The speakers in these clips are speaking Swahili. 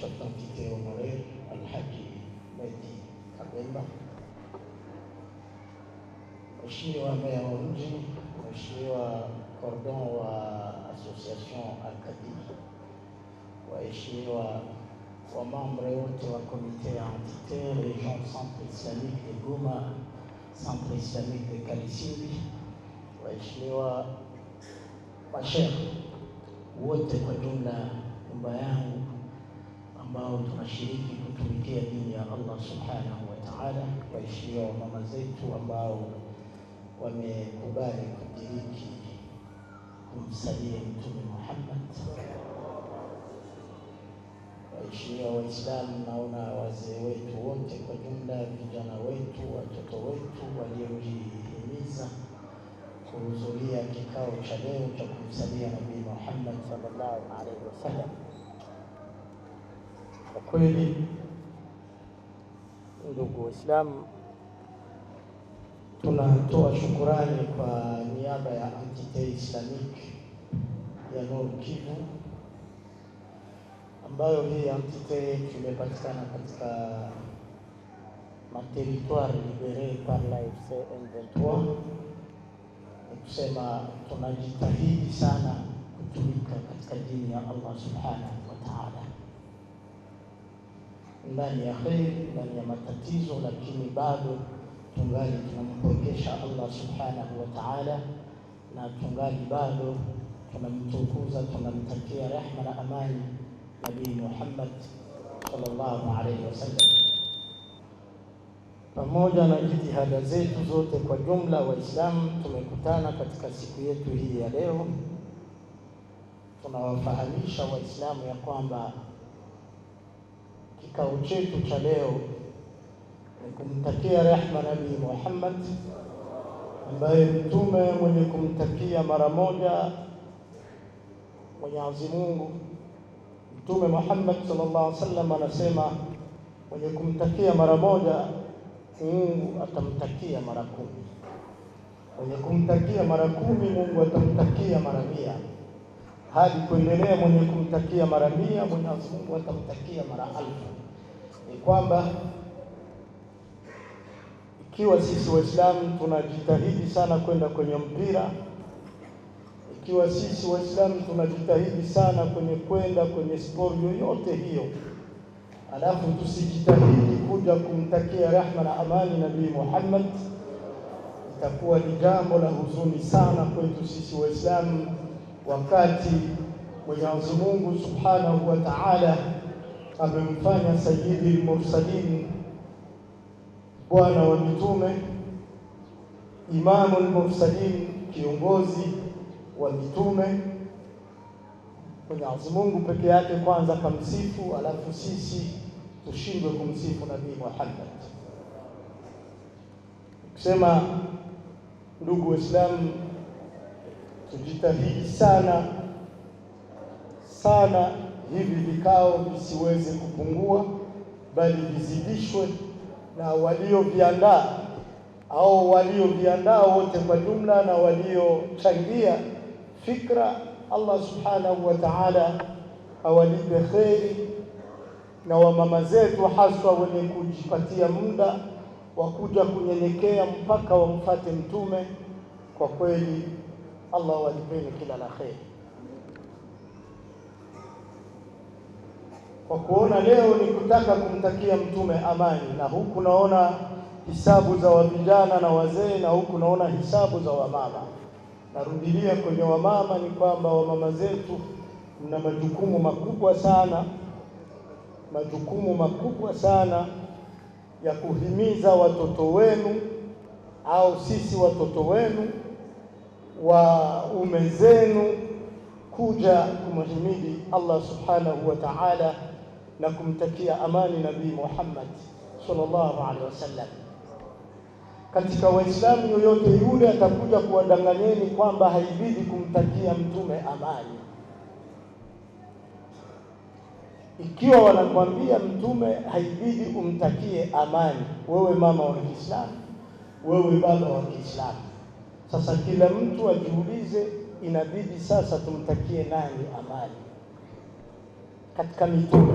Mwenyekiti Honoree Alhaji Meji Kabemba, Mheshimiwa Meya wa mji, Mheshimiwa Cordon wa Association Alkadi, waheshimiwa wamambre wote wa komite ya entité region centre islamique de Goma, centre islamique de Kalisimbi, waheshimiwa mashehe wote kwa jumla, nyumba yangu ambao tunashiriki kutumikia dini ya Allah subhanahu wa ta'ala, waheshimiwa mama zetu ambao wamekubali kudiriki kumsalia Mtume Muhammad, waheshimiwa Waislamu, naona wazee wetu wote kwa jumla, vijana wetu, watoto wetu waliojihimiza kuhudhuria kikao cha leo cha kumsalia Nabii Muhammad sallallahu alaihi wasallam. Kwa kweli, ndugu Waislamu, tunatoa shukurani kwa niaba ya Entite Islamique ya Nord Kivu, ambayo hii entite tumepatikana katika materitware libere par la AFC M23, ni kusema tunajitahidi sana kutumika katika dini ya Allah subhanahu wa ta'ala ndani ya kheri, ndani ya matatizo, lakini bado tungali tunamkopesha Allah subhanahu wa ta'ala, na tungali bado tunamtukuza tunamtakia rehma na amani Nabii Muhammad sallallahu alaihi wasallam. Pamoja na jitihada zetu zote kwa jumla, Waislamu tumekutana katika siku yetu hii ya leo, tunawafahamisha Waislamu ya kwamba Kikao chetu cha leo ni kumtakia rehma Nabii Muhammad ambaye mtume mwenye kumtakia mara moja Mwenyezi Mungu. Mtume Muhammad sallallahu alaihi wasallam anasema mwenye kumtakia mara moja Mungu atamtakia mara kumi, mwenye kumtakia mara kumi Mungu atamtakia mara mia hadi kuendelea. Mwenye kumtakia mara mia Mwenyezi Mungu atamtakia mara alfu ni kwamba ikiwa sisi Waislamu tunajitahidi sana kwenda kwenye mpira, ikiwa sisi Waislamu tunajitahidi sana kwenye kwenda kwenye sport yoyote hiyo, alafu tusijitahidi kuja kumtakia rahma na amani Nabii Muhammad, itakuwa ni jambo la huzuni sana kwetu sisi Waislamu, wakati Mwenyezi Mungu Subhanahu wa Ta'ala amemfanya sayyidi mursalin, bwana wa mitume, imamu lmursalini kiongozi wa mitume. Mwenyezi Mungu peke yake kwanza kamsifu, alafu sisi tushindwe kumsifu Nabii Muhammad. Kusema ndugu Waislamu, tujitahidi sana sana hivi vikao visiweze kupungua, bali vizidishwe na walioviandaa au walioviandaa wote kwa jumla na waliochangia fikra. Allah subhanahu wa ta'ala awalipe kheri, na wamama zetu haswa wenye kujipatia muda wa kuja kunyenyekea mpaka wamfate Mtume. Kwa kweli Allah walipeni kila la kheri. kwa kuona leo ni kutaka kumtakia mtume amani, na huku naona hisabu za wavijana na wazee, na huku naona hisabu za wamama. Narudilia kwenye wamama ni kwamba wamama zetu mna majukumu makubwa sana, majukumu makubwa sana ya kuhimiza watoto wenu au sisi watoto wenu waume zenu kuja kumhimidi Allah subhanahu wa ta'ala na kumtakia amani Nabii Muhammad sallallahu alaihi wasallam. Katika Waislamu yoyote yule atakuja kuwadanganyeni kwamba haibidi kumtakia mtume amani, ikiwa wanakwambia mtume haibidi umtakie amani, wewe mama wa Kiislamu, wewe baba wa Kiislamu, sasa kila mtu ajiulize, inabidi sasa tumtakie nani amani katika mitume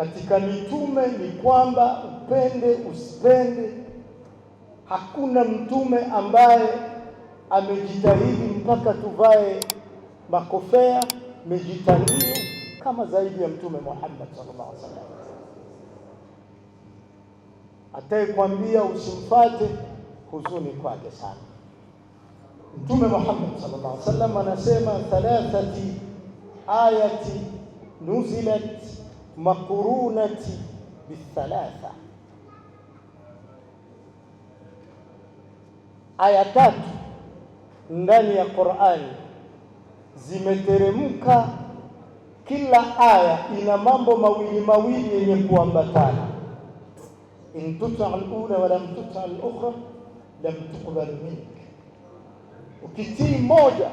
katika mitume ni kwamba upende usipende, hakuna mtume ambaye amejitahidi mpaka tuvae makofia mejitahidi kama zaidi ya Mtume Muhammad sallallahu alaihi wasallam. Atayekwambia usimfate huzuni kwake sana. Mtume Muhammad sallallahu alaihi wasallam anasema thalathati ayati nuzilat maqurunati bithalatha, aya tatu ndani ya Qur'ani zimeteremka, kila aya ina mambo mawili mawili yenye kuambatana. in tuta alula wa lam tuta alukhra lam tuqbal mink, ukitii moja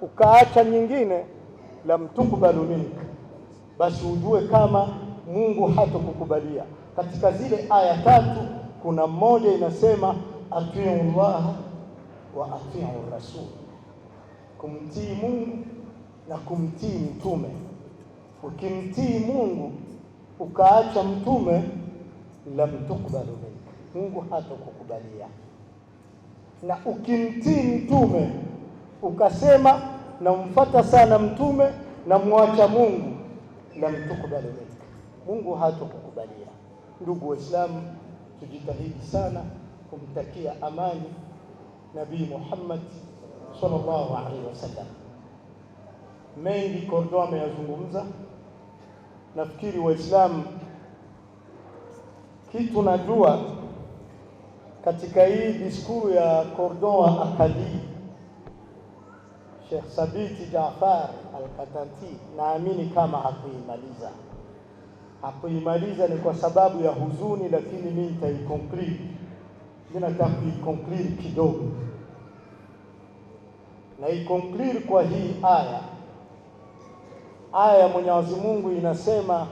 ukaacha nyingine lam tuqbalu minka basi ujue kama Mungu hatokukubalia Katika zile aya tatu kuna mmoja inasema atiu llaha wa atiu rasul, kumtii Mungu na kumtii mtume. Ukimtii Mungu ukaacha mtume, lam tukbalu minka, Mungu hatokukubalia Na ukimtii mtume ukasema namfuata sana mtume namwacha Mungu lam tukbalu minka, Mungu hatokukubalia. Ndugu Waislamu, tujitahidi sana kumtakia amani Nabii Muhammad sallallahu alaihi wasallam. Mengi Kordoa ameyazungumza, nafikiri Waislamu kitu najua katika hii diskuru ya Kordoa akadii Sheikh Sabiti Jaafar Al-Katanti, naamini kama hakuimaliza. Hakuimaliza ni kwa sababu ya huzuni, lakini mimi nitaiconclude. Mimi nataka kuiconclude kidogo, na iconclude kwa hii aya. Aya ya Mwenyezi Mungu inasema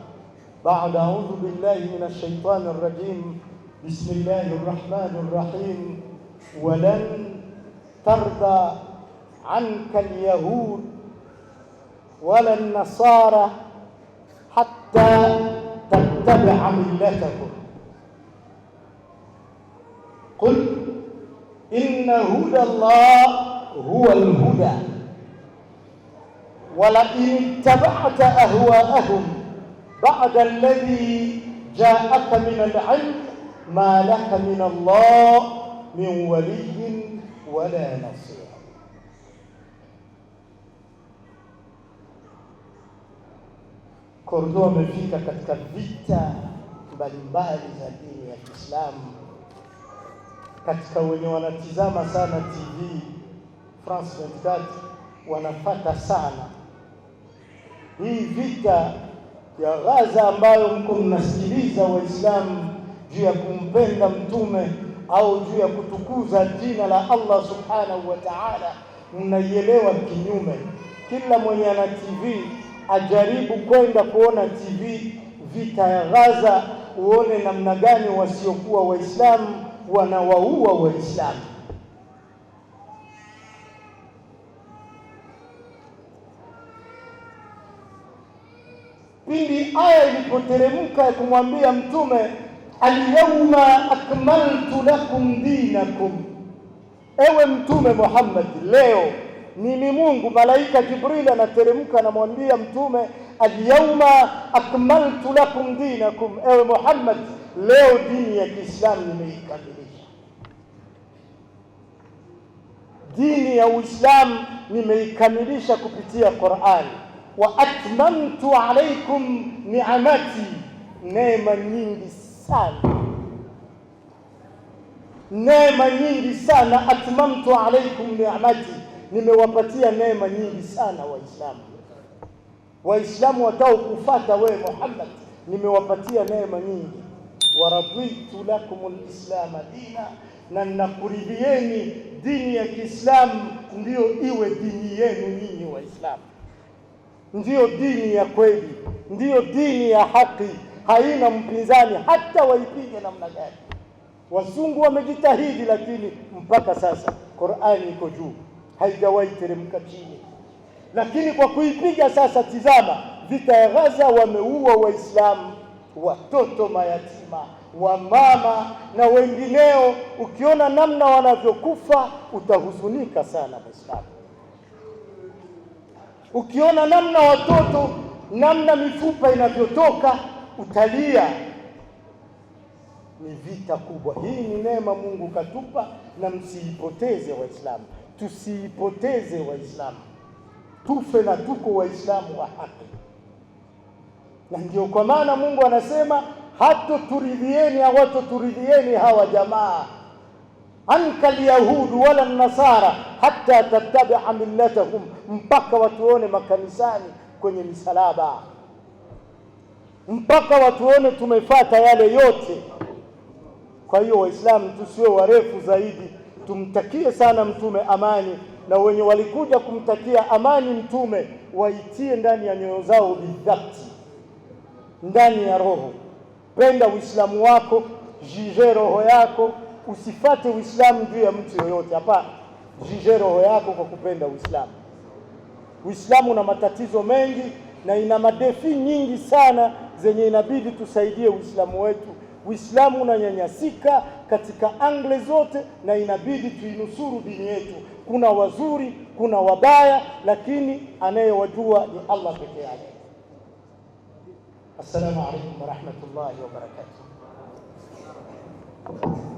baada audhu billahi minash shaitani rajim bismillahi rrahmani rrahim walan tarda عنك اليهود ولا النصارى حتى تتبع ملتكم قل إن هدى الله هو الهدى ولئن اتبعت أهواءهم بعد الذي جاءك من العلم ما لك من الله من ولي ولا نصير Kordo wamefika katika vita mbalimbali za dini ya Kiislamu. Katika wenye wanatizama sana TV France 24 wanafata sana hii vita ya Gaza ambayo mko mnasikiliza Waislamu juu ya kumpenda mtume au juu ya kutukuza jina la Allah subhanahu wa ta'ala, mnaielewa kinyume. Kila mwenye ana TV ajaribu kwenda kuona TV vita ya Gaza, uone namna gani wasiokuwa Waislamu wanawaua Waislamu. Pindi aya ilipoteremka kumwambia Mtume, alyauma akmaltu lakum dinakum, ewe Mtume Muhammad, leo nini Mungu, malaika Jibril anateremka anamwambia Mtume, alyauma akmaltu lakum dinakum, ewe Muhammad, leo dini ya Kiislamu nimeikamilisha, dini ya Uislamu nimeikamilisha kupitia Qur'an. Wa atmamtu alaykum ni'amati, neema nyingi sana neema nyingi sana, atmamtu alaykum ni'amati nimewapatia neema nyingi sana Waislamu, Waislamu wataokufata wewe Muhammad, nimewapatia neema nyingi. waraditu lakum lislama dina, na nakuridhieni dini ya Kiislamu ndiyo iwe dini yenu nyinyi Waislamu, ndiyo dini ya kweli, ndiyo dini ya haki, haina mpinzani hata waipige namna gani. Wazungu wamejitahidi, lakini mpaka sasa Qur'ani iko juu haijawahi teremka chini, lakini kwa kuipiga sasa, tizama, vita ya Gaza wameua Waislamu, watoto mayatima, wamama na wengineo. Ukiona namna wanavyokufa utahuzunika sana Muislamu, ukiona namna watoto, namna mifupa inavyotoka utalia. Ni vita kubwa, hii ni neema Mungu katupa, na msiipoteze Waislamu tusiipoteze Waislamu, tufe na tuko Waislamu wa haki. Na ndio kwa maana Mungu anasema hato turidhieni awato turidhieni hawa jamaa anka lyahudu wala nasara hata tattabia millatahum, mpaka watuone makanisani kwenye misalaba, mpaka watuone tumefata yale yote. Kwa hiyo Waislamu tusiwe warefu zaidi tumtakie sana mtume amani, na wenye walikuja kumtakia amani mtume waitie ndani ya nyoyo zao bidhati, ndani ya roho. Penda Uislamu wako, jije roho yako, usifate Uislamu juu ya mtu yoyote. Hapana, jije roho yako kwa kupenda Uislamu. Uislamu una matatizo mengi na ina madefi nyingi sana zenye inabidi tusaidie Uislamu wetu Uislamu unanyanyasika katika angle zote, na inabidi tuinusuru dini yetu. Kuna wazuri, kuna wabaya, lakini anayewajua ni Allah peke yake. Assalamu alaikum warahmatullahi wabarakatuh.